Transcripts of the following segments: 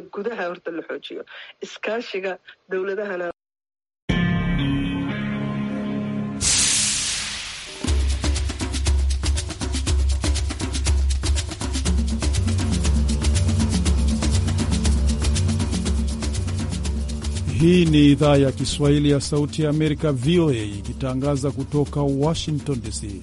gudaha horta la xoojiyo iskaashiga dowladahana. Hii ni idhaa ya Kiswahili ya Sauti ya Amerika, VOA, ikitangaza kutoka Washington DC.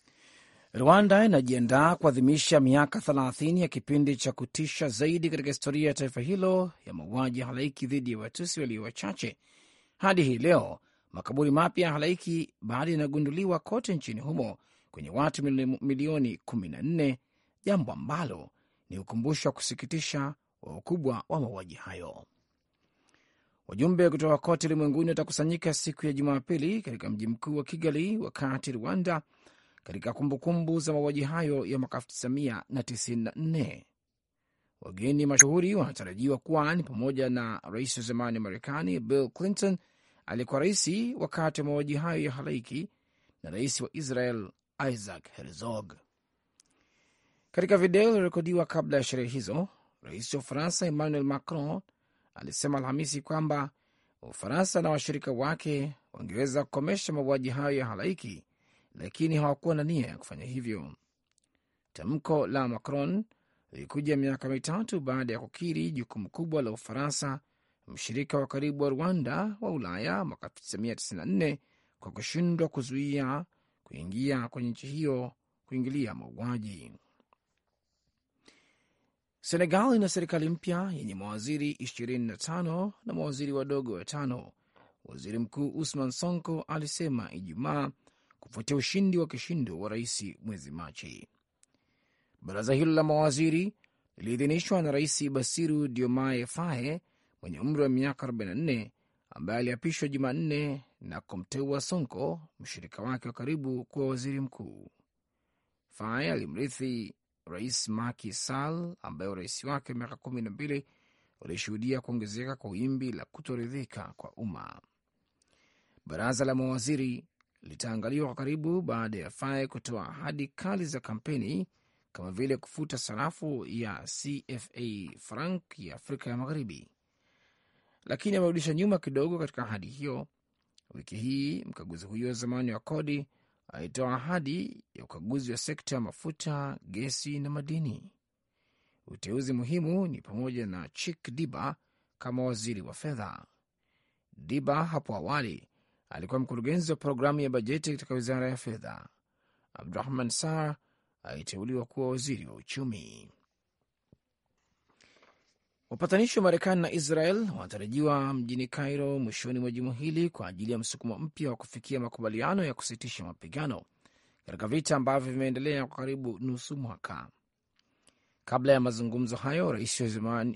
Rwanda inajiandaa kuadhimisha miaka 30 ya kipindi cha kutisha zaidi katika historia ya taifa hilo ya mauaji halaiki dhidi ya Watusi walio wachache. Hadi hii leo makaburi mapya ya halaiki bado yanagunduliwa kote nchini humo kwenye watu milioni 14, jambo ambalo ni ukumbusho wa kusikitisha wa ukubwa wa mauaji hayo. Wajumbe kutoka kote ulimwenguni watakusanyika siku ya Jumapili katika mji mkuu wa Kigali, wakati Rwanda katika kumbukumbu za mauaji hayo ya mwaka 1994. Wageni mashuhuri wanatarajiwa kuwa ni pamoja na rais wa zamani wa Marekani Bill Clinton aliyekuwa raisi wakati wa mauaji hayo ya halaiki na rais wa Israel Isaac Herzog. Katika video iliyorekodiwa kabla ya sherehe hizo, rais wa Ufaransa Emmanuel Macron alisema Alhamisi kwamba Ufaransa na washirika wake wangeweza kukomesha mauaji hayo ya halaiki lakini hawakuwa na nia ya kufanya hivyo. Tamko la Macron lilikuja miaka mitatu baada ya kukiri jukumu kubwa la Ufaransa, mshirika wa karibu wa Rwanda wa Ulaya, mwaka 1994 kwa kushindwa kuzuia kuingia kwenye nchi hiyo kuingilia mauaji. Senegal ina serikali mpya yenye mawaziri 25 na mawaziri wadogo watano. Waziri Mkuu Usman Sonko alisema Ijumaa kufuatia ushindi wa kishindo wa rais mwezi Machi. Baraza hilo la mawaziri liliidhinishwa na Rais Basiru Diomaye Faye mwenye umri wa miaka 44 ambaye aliapishwa Jumanne na kumteua Sonko, mshirika wake wa karibu, kuwa waziri mkuu. Faye alimrithi Rais maki sal ambaye urais wake miaka kumi na mbili ulishuhudia kuongezeka kwa wimbi la kutoridhika kwa umma. Baraza la mawaziri litaangaliwa kwa karibu baada ya FAI kutoa ahadi kali za kampeni kama vile kufuta sarafu ya CFA franc ya Afrika ya Magharibi, lakini amerudisha nyuma kidogo katika ahadi hiyo. Wiki hii mkaguzi huyo wa zamani wa kodi alitoa ahadi ya ukaguzi wa sekta ya mafuta, gesi na madini. Uteuzi muhimu ni pamoja na Chik Diba kama waziri wa fedha. Diba hapo awali alikuwa mkurugenzi wa programu ya bajeti katika wizara ya fedha. Abdurahman Sar aliteuliwa kuwa waziri wa uchumi. Wapatanishi wa Marekani na Israel wanatarajiwa mjini Cairo mwishoni mwa juma hili kwa ajili ya msukumo mpya wa kufikia makubaliano ya kusitisha mapigano katika vita ambavyo vimeendelea kwa karibu nusu mwaka. Kabla ya mazungumzo hayo,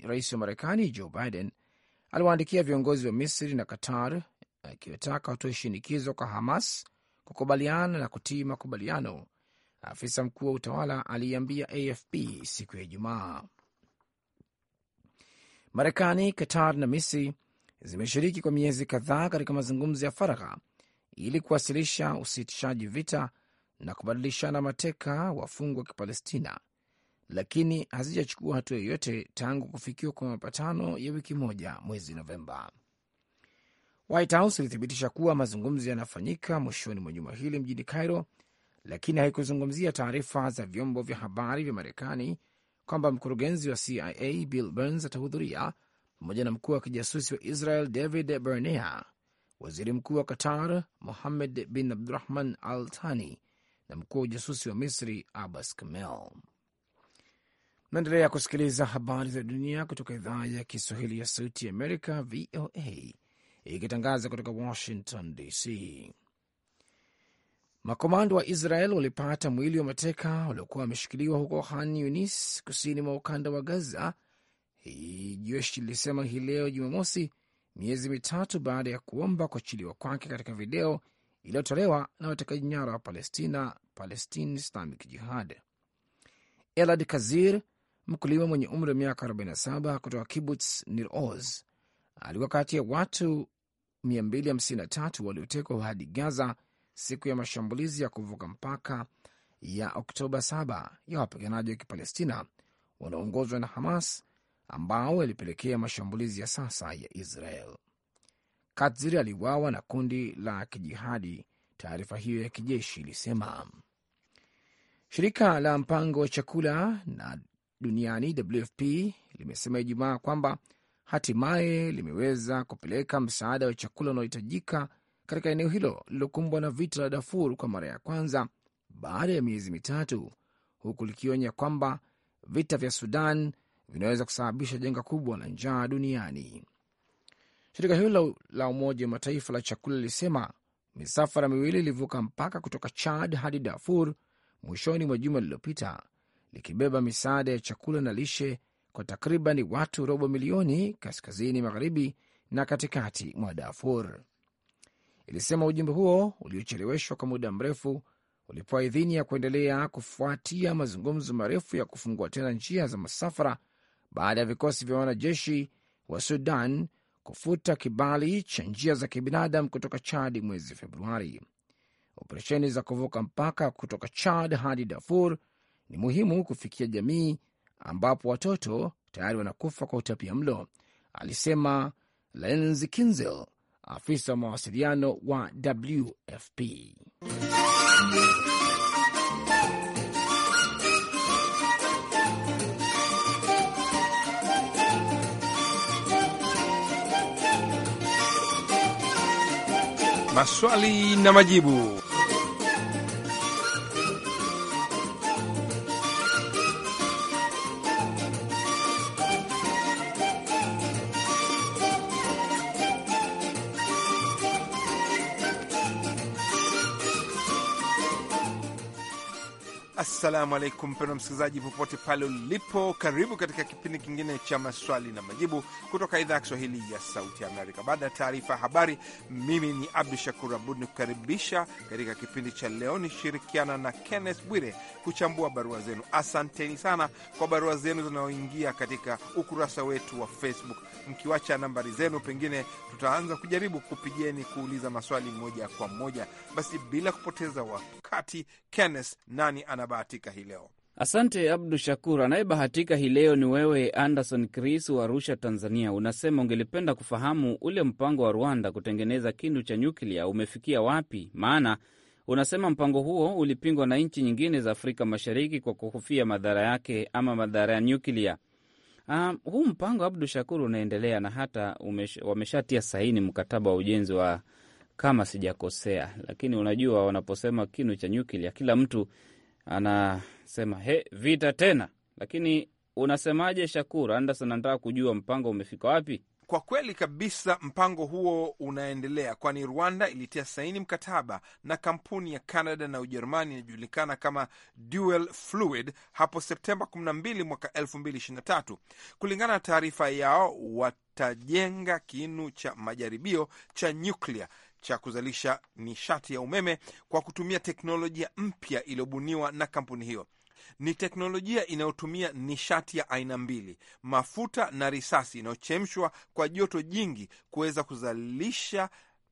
rais wa Marekani Joe Biden aliwaandikia viongozi wa Misri na Qatar akiwataka watoe shinikizo kwa Hamas kukubaliana na kutii makubaliano. Afisa mkuu wa utawala aliiambia AFP siku ya Ijumaa. Marekani, Qatar na Misri zimeshiriki kwa miezi kadhaa katika mazungumzo ya faragha ili kuwasilisha usitishaji vita na kubadilishana mateka wafungwa wa Kipalestina, lakini hazijachukua hatua yoyote tangu kufikiwa kwa mapatano ya wiki moja mwezi Novemba. White House ilithibitisha kuwa mazungumzo yanafanyika mwishoni mwa juma hili mjini Cairo, lakini haikuzungumzia taarifa za vyombo vya habari vya Marekani kwamba mkurugenzi wa CIA Bill Burns atahudhuria pamoja na mkuu wa kijasusi wa Israel David Bernea, waziri mkuu wa Qatar Mohammed bin Abdurahman Al Thani na mkuu wa ujasusi wa Misri Abbas Kamel. Naendelea kusikiliza habari za dunia kutoka idhaa ya Kiswahili ya Sauti ya Amerika, VOA, ikitangaza kutoka Washington DC. Makomando wa Israel walipata mwili wa mateka waliokuwa wameshikiliwa huko Khan Yunis, kusini mwa ukanda wa Gaza. Hii jeshi lilisema hii leo Jumamosi, miezi mitatu baada ya kuomba kuachiliwa kwake katika video iliyotolewa na watekaji nyara wa Palestina, Palestine Islamic Jihad. Elad Kazir, mkulima mwenye umri wa miaka 47 kutoka Kibuts Nir Oz, alikuwa kati ya watu 253 waliotekwa hadi Gaza siku ya mashambulizi ya kuvuka mpaka ya Oktoba 7 ya wapiganaji wa Kipalestina wanaoongozwa na Hamas ambao yalipelekea mashambulizi ya sasa ya Israel. Katzir aliuawa na kundi la kijihadi, taarifa hiyo ya kijeshi ilisema. Shirika la mpango wa chakula na duniani WFP limesema Ijumaa kwamba hatimaye limeweza kupeleka msaada wa chakula unaohitajika katika eneo hilo lililokumbwa na vita la Darfur kwa mara ya kwanza baada ya miezi mitatu, huku likionya kwamba vita vya Sudan vinaweza kusababisha janga kubwa la njaa duniani. Shirika hilo la Umoja wa Mataifa la chakula lilisema misafara miwili ilivuka mpaka kutoka Chad hadi Darfur mwishoni mwa juma lililopita, likibeba misaada ya chakula na lishe kwa takriban watu robo milioni kaskazini magharibi na katikati mwa Darfur. Ilisema ujumbe huo uliocheleweshwa kwa muda mrefu ulipewa idhini ya kuendelea kufuatia mazungumzo marefu ya kufungua tena njia za masafara baada ya vikosi vya wanajeshi wa Sudan kufuta kibali cha njia za kibinadamu kutoka Chad mwezi Februari. Operesheni za kuvuka mpaka kutoka Chad hadi Darfur ni muhimu kufikia jamii ambapo watoto tayari wanakufa kwa utapia mlo, alisema Lenz Kinzel, afisa wa mawasiliano wa WFP. Maswali na majibu. Assalamu alaikum, mpendwa msikilizaji popote pale ulipo, karibu katika kipindi kingine cha maswali na majibu kutoka idhaa ya Kiswahili ya Sauti ya Amerika. Baada ya taarifa ya habari, mimi ni Abdu Shakur Abud ni kukaribisha katika kipindi cha leo, nishirikiana na Kenneth Bwire kuchambua barua zenu. Asanteni sana kwa barua zenu zinazoingia katika ukurasa wetu wa Facebook mkiwacha nambari zenu, pengine tutaanza kujaribu kupigeni kuuliza maswali moja kwa moja. Basi bila kupoteza wakati, Kenneth, nani anabahatika hii leo? Asante Abdu Shakur. Anayebahatika hii leo ni wewe Anderson Chris wa Arusha, Tanzania. Unasema ungelipenda kufahamu ule mpango wa Rwanda kutengeneza kindu cha nyuklia umefikia wapi? Maana unasema mpango huo ulipingwa na nchi nyingine za Afrika Mashariki kwa kuhofia madhara yake ama madhara ya nyuklia. Um, huu mpango Abdu Shakur unaendelea na hata umesh, wameshatia saini mkataba wa ujenzi wa kama sijakosea, lakini unajua wanaposema kinu cha nyuklia kila mtu anasema he, vita tena. Lakini unasemaje Shakur Anderson, anataka kujua mpango umefika wapi? Kwa kweli kabisa, mpango huo unaendelea, kwani Rwanda ilitia saini mkataba na kampuni ya Canada na Ujerumani inajulikana kama Dual Fluid hapo Septemba 12 mwaka 2023. Kulingana na taarifa yao, watajenga kinu cha majaribio cha nyuklia cha kuzalisha nishati ya umeme kwa kutumia teknolojia mpya iliyobuniwa na kampuni hiyo ni teknolojia inayotumia nishati ya aina mbili, mafuta na risasi, inayochemshwa kwa joto jingi kuweza kuzalisha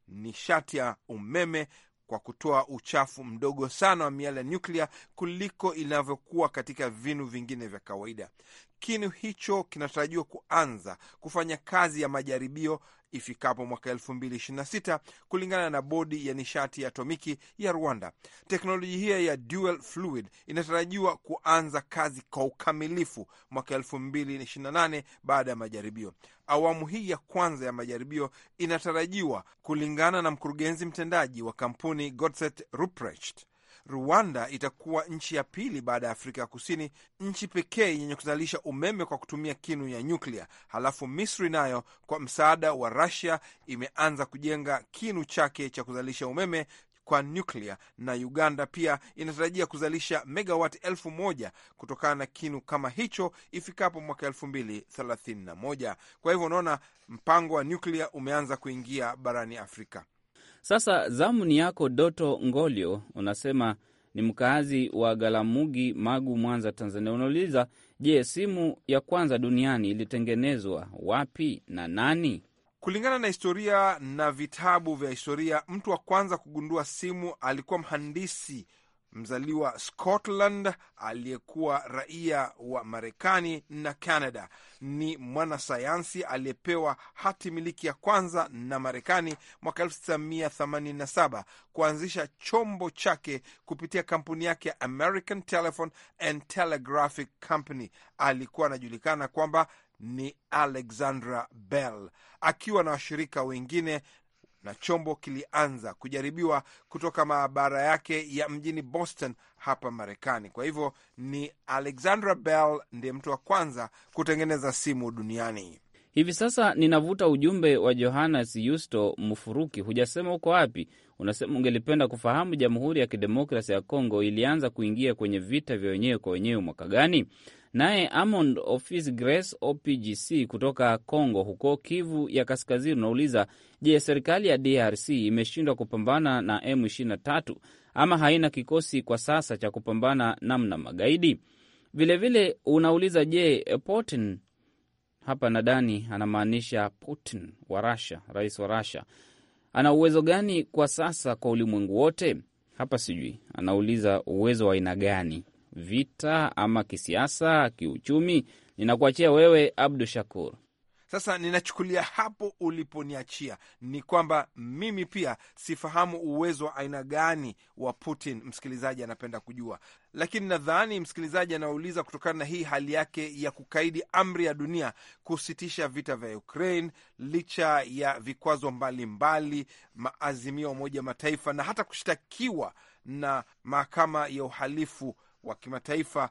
nishati ya umeme kwa kutoa uchafu mdogo sana wa miale ya nyuklia kuliko inavyokuwa katika vinu vingine vya kawaida. Kinu hicho kinatarajiwa kuanza kufanya kazi ya majaribio ifikapo mwaka 2026 kulingana na bodi ya nishati ya atomiki ya Rwanda. Teknolojia hiyo ya dual fluid inatarajiwa kuanza kazi kwa ukamilifu mwaka 2028 baada ya majaribio. Awamu hii ya kwanza ya majaribio inatarajiwa, kulingana na mkurugenzi mtendaji wa kampuni Godset Ruprecht Rwanda itakuwa nchi ya pili baada ya Afrika ya Kusini, nchi pekee yenye kuzalisha umeme kwa kutumia kinu ya nyuklia. Halafu Misri nayo kwa msaada wa rasia imeanza kujenga kinu chake cha kuzalisha umeme kwa nyuklia, na Uganda pia inatarajia kuzalisha megawati elfu moja kutokana na kinu kama hicho ifikapo mwaka elfu mbili thelathini na moja. Kwa hivyo unaona mpango wa nyuklia umeanza kuingia barani Afrika. Sasa zamu ni yako. Doto Ngolio unasema ni mkaazi wa Galamugi, Magu, Mwanza, Tanzania. Unauliza, je, simu ya kwanza duniani ilitengenezwa wapi na nani? Kulingana na historia na vitabu vya historia, mtu wa kwanza kugundua simu alikuwa mhandisi mzaliwa Scotland aliyekuwa raia wa Marekani na Canada. Ni mwanasayansi aliyepewa hati miliki ya kwanza na Marekani mwaka 1987 kuanzisha chombo chake kupitia kampuni yake ya American Telephone and Telegraphic Company. Alikuwa anajulikana kwamba ni Alexandra Bell akiwa na washirika wengine na chombo kilianza kujaribiwa kutoka maabara yake ya mjini Boston hapa Marekani. Kwa hivyo ni Alexandra Bell ndiye mtu wa kwanza kutengeneza simu duniani. Hivi sasa ninavuta ujumbe wa Johannes Yusto mufuruki Hujasema uko wapi, unasema ungelipenda kufahamu Jamhuri ya Kidemokrasi ya Kongo ilianza kuingia kwenye vita vya wenyewe kwa wenyewe mwaka gani? Naye Amond Office Grace OPGC kutoka congo huko Kivu ya Kaskazini, unauliza Je, serikali ya DRC imeshindwa kupambana na M23 ama haina kikosi kwa sasa cha kupambana namna magaidi? Vilevile unauliza je, Putin hapa nadani anamaanisha Putin wa Rasha, rais wa Rasha ana uwezo gani kwa sasa kwa ulimwengu wote? Hapa sijui anauliza uwezo wa aina gani, vita ama kisiasa, kiuchumi? Ninakuachia wewe Abdu Shakur. Sasa ninachukulia hapo uliponiachia ni kwamba mimi pia sifahamu uwezo wa aina gani wa Putin, msikilizaji anapenda kujua, lakini nadhani msikilizaji anauliza kutokana na hii hali yake ya kukaidi amri ya dunia kusitisha vita vya Ukraine licha ya vikwazo mbalimbali, maazimio ya Umoja Mataifa na hata kushtakiwa na mahakama ya uhalifu wa kimataifa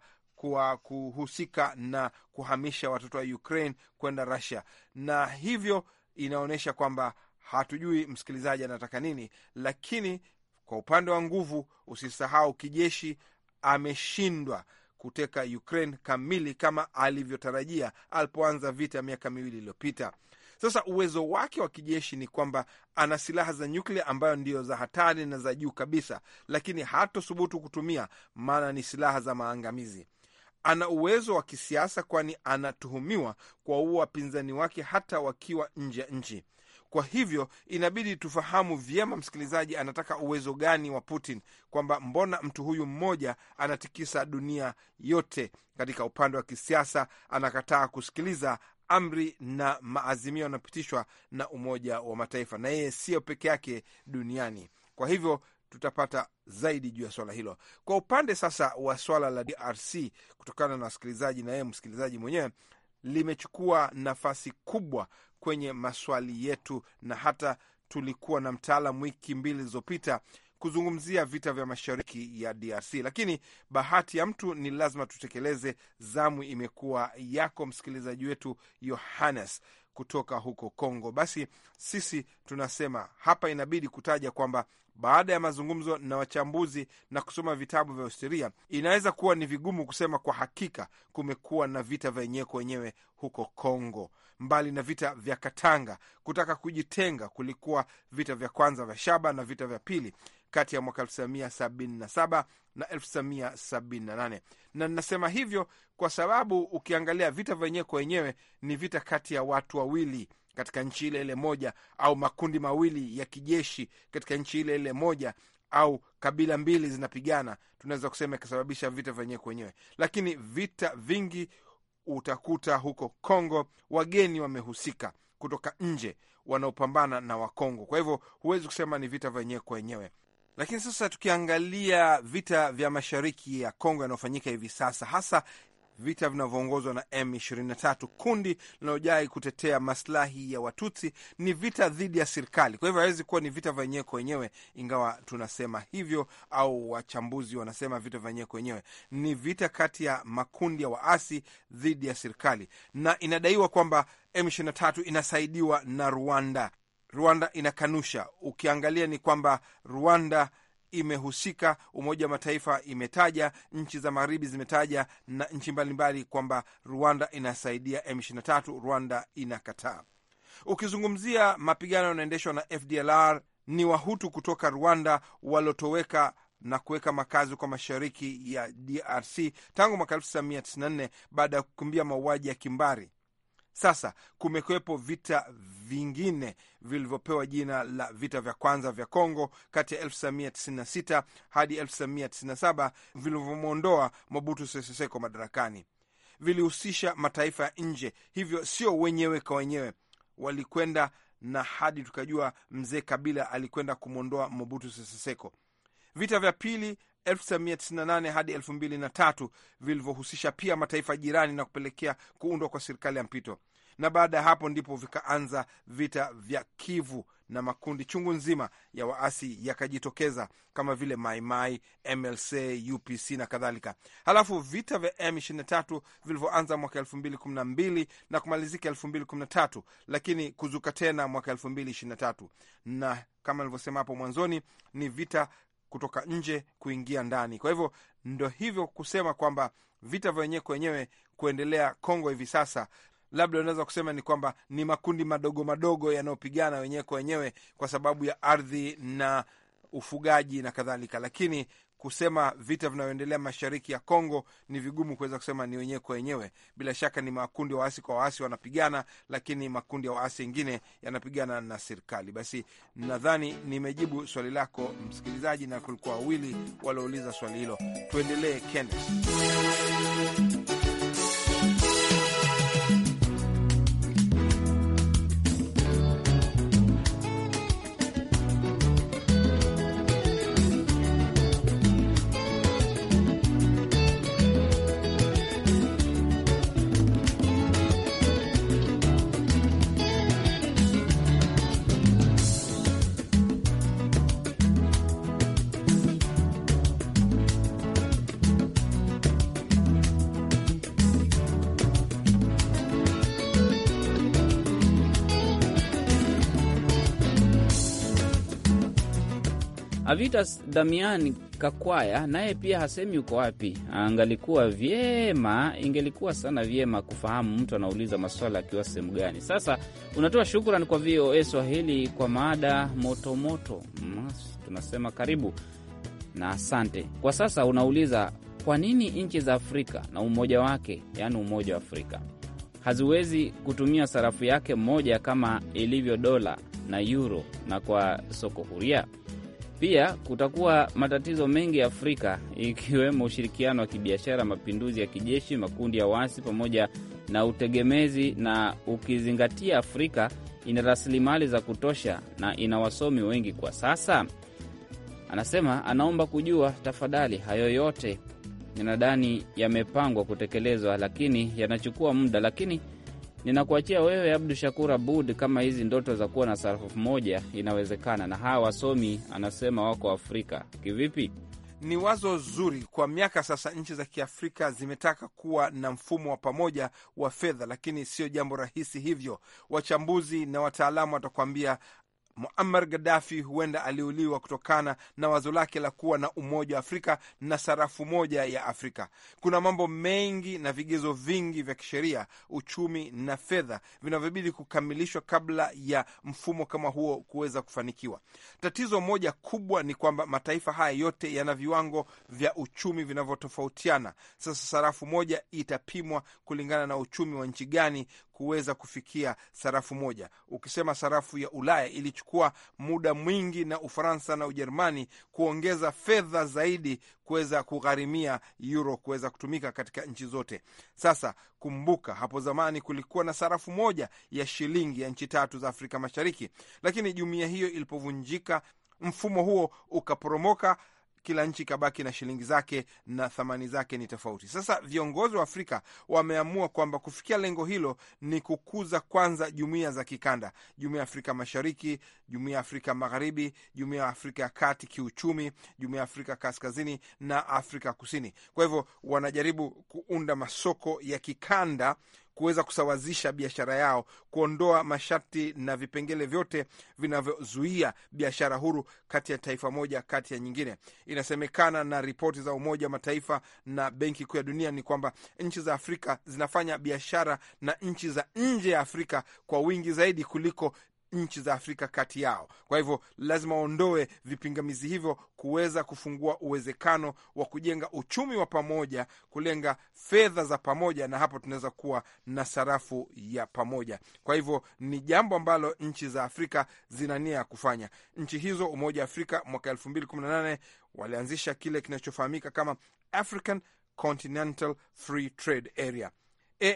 kwa kuhusika na kuhamisha watoto wa Ukraine kwenda Russia, na hivyo inaonyesha kwamba hatujui msikilizaji anataka nini, lakini kwa upande wa nguvu, usisahau kijeshi, ameshindwa kuteka Ukraine kamili kama alivyotarajia alipoanza vita miaka miwili iliyopita. Sasa uwezo wake wa kijeshi ni kwamba ana silaha za nyuklia ambayo ndiyo za hatari na za juu kabisa, lakini hatothubutu kutumia, maana ni silaha za maangamizi ana uwezo wa kisiasa, kwani anatuhumiwa kuwaua wapinzani wake hata wakiwa nje ya nchi. Kwa hivyo inabidi tufahamu vyema, msikilizaji anataka uwezo gani wa Putin, kwamba mbona mtu huyu mmoja anatikisa dunia yote katika upande wa kisiasa, anakataa kusikiliza amri na maazimio yanayopitishwa na Umoja wa Mataifa, na yeye siyo peke yake duniani. Kwa hivyo tutapata zaidi juu ya swala hilo. Kwa upande sasa wa swala la DRC, kutokana na wasikilizaji na yeye msikilizaji mwenyewe, limechukua nafasi kubwa kwenye maswali yetu, na hata tulikuwa na mtaalam wiki mbili zilizopita kuzungumzia vita vya mashariki ya DRC, lakini bahati ya mtu ni lazima tutekeleze. Zamu imekuwa yako msikilizaji wetu Yohannes kutoka huko Kongo. Basi sisi tunasema hapa inabidi kutaja kwamba baada ya mazungumzo na wachambuzi na kusoma vitabu vya historia, inaweza kuwa ni vigumu kusema kwa hakika kumekuwa na vita vya wenyewe kwa wenyewe huko Kongo. Mbali na vita vya Katanga kutaka kujitenga, kulikuwa vita vya kwanza vya Shaba na vita vya pili kati ya mwaka 1977 na 1978. Na nasema hivyo kwa sababu ukiangalia vita vyenyewe kwa wenyewe ni vita kati ya watu wawili katika nchi ile ile moja, au makundi mawili ya kijeshi katika nchi ile ile moja, au kabila mbili zinapigana, tunaweza kusema ikasababisha vita vyenyewe kwa wenyewe. Lakini vita vingi utakuta huko Kongo wageni wamehusika kutoka nje wanaopambana na Wakongo. Kwa hivyo huwezi kusema ni vita vyenyewe kwa wenyewe. Lakini sasa tukiangalia vita vya mashariki ya Kongo yanayofanyika hivi sasa, hasa vita vinavyoongozwa na M23, kundi linalojai kutetea maslahi ya Watutsi, ni vita dhidi ya serikali. Kwa hivyo hawezi kuwa ni vita vya wenyewe kwa wenyewe, ingawa tunasema hivyo au wachambuzi wanasema vita vya wenyewe kwa wenyewe. Ni vita kati ya makundi ya waasi dhidi ya serikali, na inadaiwa kwamba M23 inasaidiwa na Rwanda. Rwanda inakanusha. Ukiangalia ni kwamba Rwanda imehusika, Umoja wa Mataifa imetaja, nchi za magharibi zimetaja na nchi mbalimbali kwamba Rwanda inasaidia M23. Rwanda inakataa. Ukizungumzia mapigano yanaendeshwa na FDLR ni Wahutu kutoka Rwanda waliotoweka na kuweka makazi kwa mashariki ya DRC tangu mwaka 1994 baada ya kukimbia mauaji ya kimbari. Sasa kumekuwepo vita vingine vilivyopewa jina la vita vya kwanza vya Kongo kati ya 1996 hadi 1997 vilivyomwondoa Mobutu Sese Seko madarakani. Vilihusisha mataifa ya nje, hivyo sio wenyewe kwa wenyewe. Walikwenda na hadi tukajua mzee Kabila alikwenda kumwondoa Mobutu Sese Seko. Vita vya pili 1998 hadi 2003 vilivyohusisha pia mataifa jirani na kupelekea kuundwa kwa serikali ya mpito, na baada ya hapo ndipo vikaanza vita vya Kivu na makundi chungu nzima ya waasi yakajitokeza kama vile Maimai, MLC, UPC na kadhalika. Halafu vita vya M23 vilivyoanza mwaka elfu mbili kumi na mbili na kumalizika elfu mbili kumi na tatu lakini kuzuka tena mwaka elfu mbili ishirini na tatu na kama nilivyosema hapo mwanzoni ni vita kutoka nje kuingia ndani. Kwa hivyo ndo hivyo kusema kwamba vita vya wenyewe kwa wenyewe kuendelea Kongo hivi sasa, labda unaweza kusema ni kwamba ni makundi madogo madogo yanayopigana wenyewe kwa wenyewe kwa sababu ya ardhi na ufugaji na kadhalika, lakini kusema vita vinavyoendelea mashariki ya Kongo ni vigumu kuweza kusema ni wenyewe kwa wenyewe. Bila shaka ni makundi ya waasi kwa waasi wanapigana, lakini makundi ya waasi yengine yanapigana na serikali. Basi nadhani nimejibu swali lako msikilizaji, na kulikuwa wawili waliouliza swali hilo. Tuendelee, Kenneth. Avitas Damian Kakwaya naye pia hasemi uko wapi. Angalikuwa vyema, ingelikuwa sana vyema kufahamu mtu anauliza maswala akiwa sehemu gani. Sasa unatoa shukrani kwa VOA Swahili kwa mada motomoto -moto. Mm, tunasema karibu na asante. Kwa sasa unauliza kwa nini nchi za Afrika na umoja wake, yaani Umoja wa Afrika haziwezi kutumia sarafu yake moja kama ilivyo dola na euro na kwa soko huria pia kutakuwa matatizo mengi ya Afrika, ikiwemo ushirikiano wa kibiashara, mapinduzi ya kijeshi, makundi ya waasi, pamoja na utegemezi. Na ukizingatia Afrika ina rasilimali za kutosha na ina wasomi wengi kwa sasa, anasema. Anaomba kujua tafadhali, hayo yote ninadhani yamepangwa kutekelezwa, lakini yanachukua muda, lakini Ninakuachia wewe Abdu Shakur Abud, kama hizi ndoto za kuwa na sarafu moja inawezekana, na hawa wasomi anasema wako Afrika kivipi? Ni wazo zuri. Kwa miaka sasa, nchi za Kiafrika zimetaka kuwa na mfumo wa pamoja wa fedha, lakini sio jambo rahisi hivyo. Wachambuzi na wataalamu watakuambia Muammar Gaddafi huenda aliuliwa kutokana na wazo lake la kuwa na umoja wa Afrika na sarafu moja ya Afrika. Kuna mambo mengi na vigezo vingi vya kisheria, uchumi na fedha vinavyobidi kukamilishwa kabla ya mfumo kama huo kuweza kufanikiwa. Tatizo moja kubwa ni kwamba mataifa haya yote yana viwango vya uchumi vinavyotofautiana. Sasa sarafu moja itapimwa kulingana na uchumi wa nchi gani kuweza kufikia sarafu moja. Ukisema sarafu ya Ulaya ilichukua muda mwingi na Ufaransa na Ujerumani kuongeza fedha zaidi kuweza kugharimia euro kuweza kutumika katika nchi zote. Sasa kumbuka, hapo zamani kulikuwa na sarafu moja ya shilingi ya nchi tatu za Afrika Mashariki, lakini jumuiya hiyo ilipovunjika mfumo huo ukaporomoka kila nchi ikabaki na shilingi zake na thamani zake ni tofauti. Sasa viongozi wa Afrika wameamua kwamba kufikia lengo hilo ni kukuza kwanza jumuiya za kikanda, jumuiya ya Afrika Mashariki, jumuiya ya Afrika Magharibi, jumuiya ya Afrika ya Kati kiuchumi, jumuiya ya Afrika Kaskazini na Afrika Kusini. Kwa hivyo wanajaribu kuunda masoko ya kikanda kuweza kusawazisha biashara yao, kuondoa masharti na vipengele vyote vinavyozuia biashara huru kati ya taifa moja kati ya nyingine. Inasemekana na ripoti za Umoja wa Mataifa na Benki Kuu ya Dunia ni kwamba nchi za Afrika zinafanya biashara na nchi za nje ya Afrika kwa wingi zaidi kuliko nchi za Afrika kati yao. Kwa hivyo lazima waondoe vipingamizi hivyo kuweza kufungua uwezekano wa kujenga uchumi wa pamoja, kulenga fedha za pamoja, na hapo tunaweza kuwa na sarafu ya pamoja. Kwa hivyo ni jambo ambalo nchi za Afrika zina nia ya kufanya. Nchi hizo, Umoja wa Afrika mwaka elfu mbili kumi na nane walianzisha kile kinachofahamika kama African Continental Free Trade Area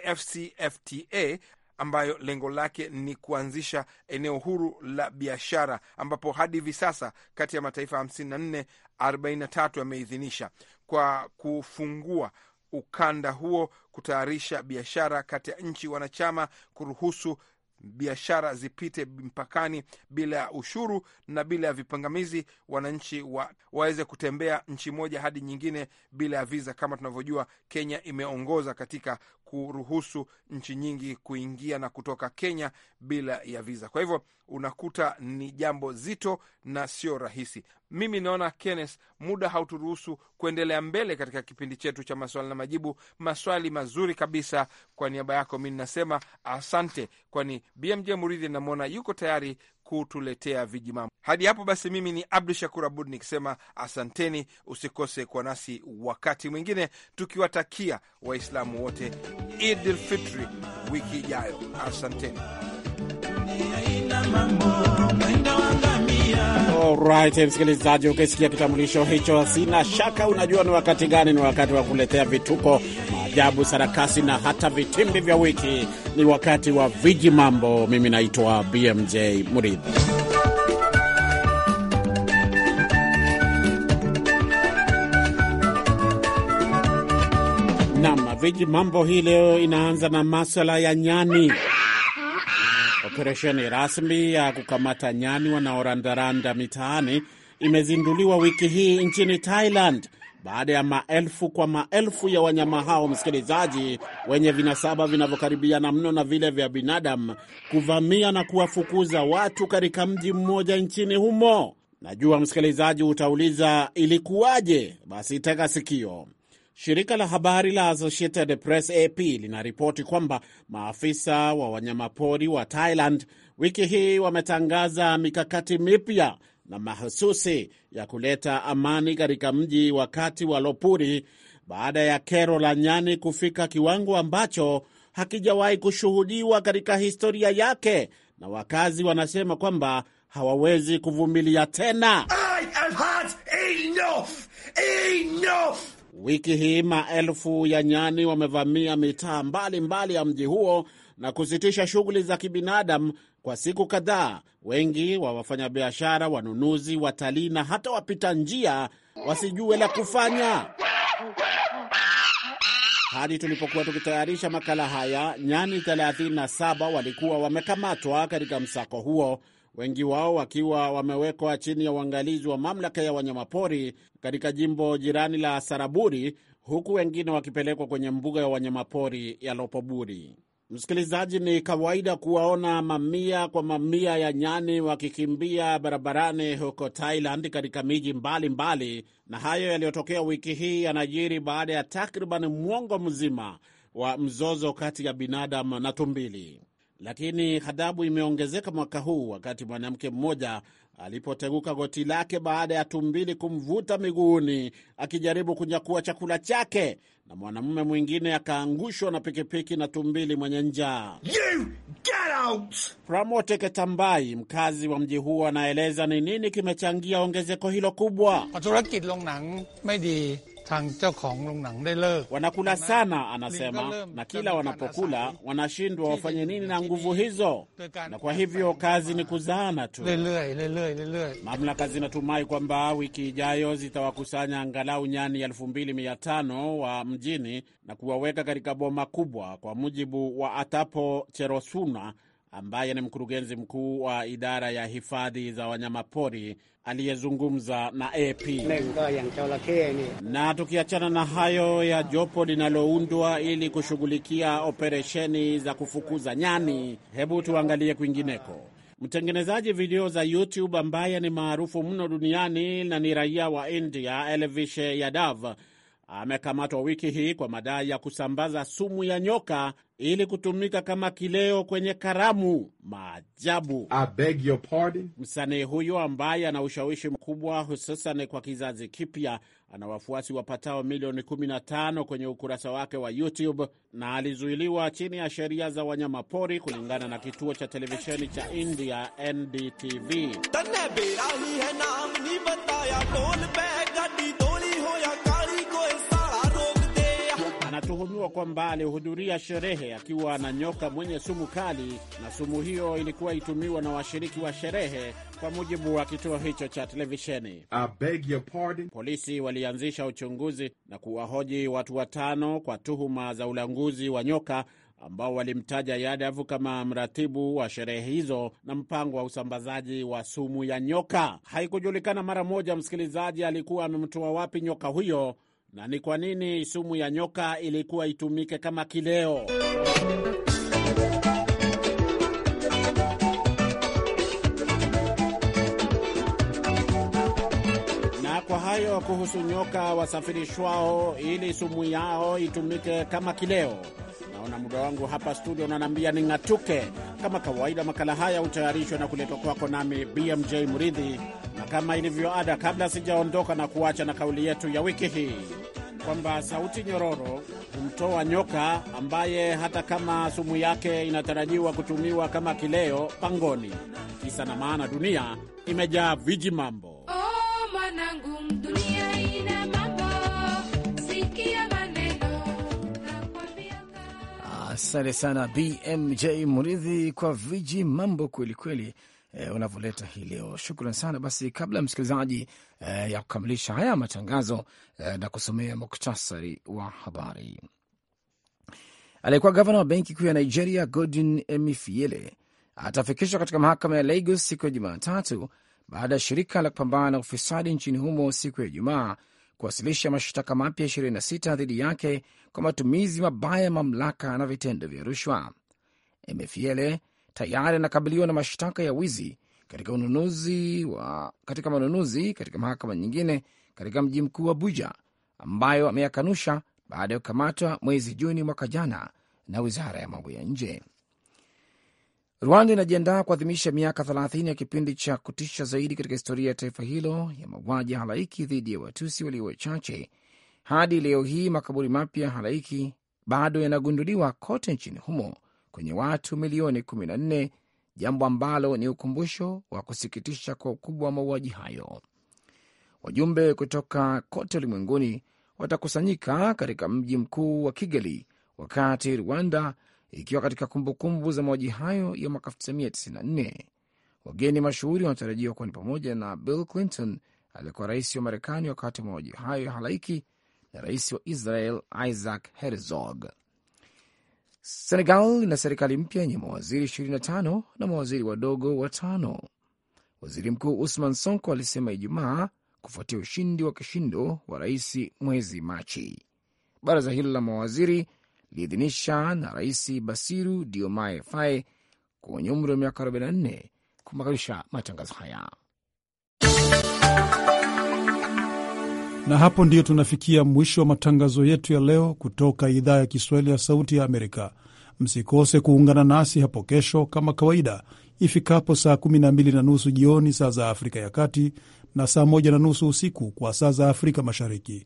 AfCFTA ambayo lengo lake ni kuanzisha eneo huru la biashara, ambapo hadi hivi sasa kati ya mataifa 54 43 yameidhinisha kwa kufungua ukanda huo, kutayarisha biashara kati ya nchi wanachama, kuruhusu biashara zipite mpakani bila ya ushuru na bila ya vipingamizi, wananchi wa, waweze kutembea nchi moja hadi nyingine bila ya viza. Kama tunavyojua, Kenya imeongoza katika kuruhusu nchi nyingi kuingia na kutoka Kenya bila ya viza. Kwa hivyo unakuta ni jambo zito na sio rahisi. Mimi naona Kenneth, muda hauturuhusu kuendelea mbele katika kipindi chetu cha maswali na majibu. Maswali mazuri kabisa. Kwa niaba yako mi ninasema asante, kwani BMJ Muridhi namwona yuko tayari kutuletea vijimambo. Hadi hapo basi, mimi ni Abdu Shakur Abud nikisema asanteni. Usikose kwa nasi wakati mwingine, tukiwatakia Waislamu wote Idil Fitri wiki ijayo. Asanteni. Alright, msikilizaji, ukisikia kitambulisho hicho, sina shaka unajua ni wakati gani. Ni wakati wa kuletea vituko maajabu, sarakasi na hata vitimbi vya wiki. Ni wakati wa viji mambo. Mimi naitwa BMJ Muridhi. Nam viji mambo hii leo inaanza na maswala ya nyani. Operesheni rasmi ya kukamata nyani wanaorandaranda mitaani imezinduliwa wiki hii nchini Thailand baada ya maelfu kwa maelfu ya wanyama hao, msikilizaji, wenye vinasaba vinavyokaribiana mno na vile vya binadamu kuvamia na kuwafukuza watu katika mji mmoja nchini humo. Najua msikilizaji utauliza ilikuwaje? Basi tega sikio. Shirika la habari la Associated Press AP linaripoti kwamba maafisa wa wanyamapori wa Thailand wiki hii wametangaza mikakati mipya na mahususi ya kuleta amani katika mji wakati wa lopuri baada ya kero la nyani kufika kiwango ambacho hakijawahi kushuhudiwa katika historia yake, na wakazi wanasema kwamba hawawezi kuvumilia tena. Enough! Enough! Wiki hii maelfu ya nyani wamevamia mitaa mbalimbali ya mji huo na kusitisha shughuli za kibinadamu kwa siku kadhaa. Wengi wa wafanyabiashara, wanunuzi, watalii na hata wapita njia wasijue la kufanya. Hadi tulipokuwa tukitayarisha makala haya, nyani 37 walikuwa wamekamatwa katika msako huo, wengi wao wakiwa wamewekwa chini ya uangalizi wa mamlaka ya wanyamapori katika jimbo jirani la Saraburi, huku wengine wakipelekwa kwenye mbuga ya wanyamapori ya Lopoburi. Msikilizaji, ni kawaida kuwaona mamia kwa mamia ya nyani wakikimbia barabarani huko Thailand katika miji mbalimbali, na hayo yaliyotokea wiki hii yanajiri baada ya takriban mwongo mzima wa mzozo kati ya binadamu na tumbili. Lakini adhabu imeongezeka mwaka huu, wakati mwanamke mmoja alipoteguka goti lake baada ya tumbili kumvuta miguuni akijaribu kunyakua chakula chake, na mwanamume mwingine akaangushwa na pikipiki na tumbili mwenye njaa. Pramote Ketambai, mkazi wa mji huo, anaeleza ni nini kimechangia ongezeko hilo kubwa wanakula sana, anasema, na kila wanapokula wanashindwa wafanye nini na nguvu hizo, na kwa hivyo kazi ni kuzaana tu. Mamlaka zinatumai kwamba wiki ijayo zitawakusanya angalau nyani 25 wa mjini na kuwaweka katika boma kubwa, kwa mujibu wa Atapo Cherosuna ambaye ni mkurugenzi mkuu wa idara ya hifadhi za wanyamapori aliyezungumza na AP. Na tukiachana na hayo ya jopo linaloundwa ili kushughulikia operesheni za kufukuza nyani, hebu tuangalie kwingineko. Mtengenezaji video za YouTube ambaye ni maarufu mno duniani na ni raia wa India, Elvish Yadav amekamatwa wiki hii kwa madai ya kusambaza sumu ya nyoka ili kutumika kama kileo kwenye karamu. Maajabu! Msanii huyo ambaye ana ushawishi mkubwa hususan kwa kizazi kipya, ana wafuasi wapatao milioni 15 kwenye ukurasa wake wa YouTube na alizuiliwa chini ya sheria za wanyamapori kulingana na kituo cha televisheni cha India NDTV. anatuhumiwa kwamba alihudhuria sherehe akiwa na nyoka mwenye sumu kali, na sumu hiyo ilikuwa itumiwa na washiriki wa sherehe, kwa mujibu wa kituo hicho cha televisheni. Polisi walianzisha uchunguzi na kuwahoji watu watano kwa tuhuma za ulanguzi wa nyoka ambao walimtaja Yadavu kama mratibu wa sherehe hizo na mpango wa usambazaji wa sumu ya nyoka. Haikujulikana mara moja msikilizaji alikuwa amemtoa wapi nyoka huyo na ni kwa nini sumu ya nyoka ilikuwa itumike kama kileo. na kwa Hayo kuhusu nyoka wasafirishwao ili sumu yao itumike kama kileo. Naona muda wangu hapa studio unaniambia ning'atuke. Kama kawaida, makala haya hutayarishwa na kuletwa kwako nami BMJ Muridhi, na kama ilivyo ada, kabla sijaondoka na kuacha na kauli yetu ya wiki hii kwamba sauti nyororo humtoa nyoka ambaye hata kama sumu yake inatarajiwa kutumiwa kama kileo pangoni. Kisa na maana, dunia imejaa viji mambo. Oh, manangu, dunia. Asante sana BMJ Mridhi kwa viji mambo kwelikweli, eh, unavyoleta hii leo. Shukran sana. Basi kabla msikilizaji, eh, ya kukamilisha haya matangazo eh, na kusomea muktasari wa habari, aliyekuwa gavana wa benki kuu ya Nigeria godin emifiele atafikishwa katika mahakama ya Lagos siku ya Jumatatu baada ya shirika la kupambana na ufisadi nchini humo siku ya Ijumaa kuwasilisha mashtaka mapya 26 dhidi yake kwa matumizi mabaya ya mamlaka na vitendo vya rushwa. mfl tayari anakabiliwa na mashtaka ya wizi katika ununuzi wa, katika manunuzi katika mahakama nyingine katika mji mkuu Abuja, ambayo ameyakanusha baada ya kukamatwa mwezi Juni mwaka jana na wizara ya mambo ya nje. Rwanda inajiandaa kuadhimisha miaka 30 ya kipindi cha kutisha zaidi katika historia ya taifa hilo ya mauaji ya halaiki dhidi ya Watusi walio wachache. Hadi leo hii makaburi mapya halaiki bado yanagunduliwa kote nchini humo kwenye watu milioni 14, jambo ambalo ni ukumbusho wa kusikitisha kwa ukubwa wa mauaji hayo. Wajumbe kutoka kote ulimwenguni watakusanyika katika mji mkuu wa Kigali wakati Rwanda ikiwa katika kumbukumbu kumbu za mauaji hayo ya mwaka 1994. Wageni mashuhuri wanatarajiwa kuwa ni pamoja na Bill Clinton aliyekuwa rais wa Marekani wakati wa mauaji hayo ya halaiki na rais wa Israel Isaac Herzog. Senegal ina serikali mpya yenye mawaziri 25 na mawaziri wadogo watano. Waziri Mkuu Usman Sonko alisema Ijumaa kufuatia ushindi wa kishindo wa rais mwezi Machi. Baraza hilo la mawaziri iliidhinisha na Rais Basiru Diomaye Faye kwenye umri wa miaka 44 kumakarisha matangazo haya. Na hapo ndiyo tunafikia mwisho wa matangazo yetu ya leo kutoka idhaa ya Kiswahili ya Sauti ya Amerika. Msikose kuungana nasi hapo kesho kama kawaida ifikapo saa 12 na nusu jioni saa za Afrika ya Kati na saa 1 na nusu usiku kwa saa za Afrika Mashariki.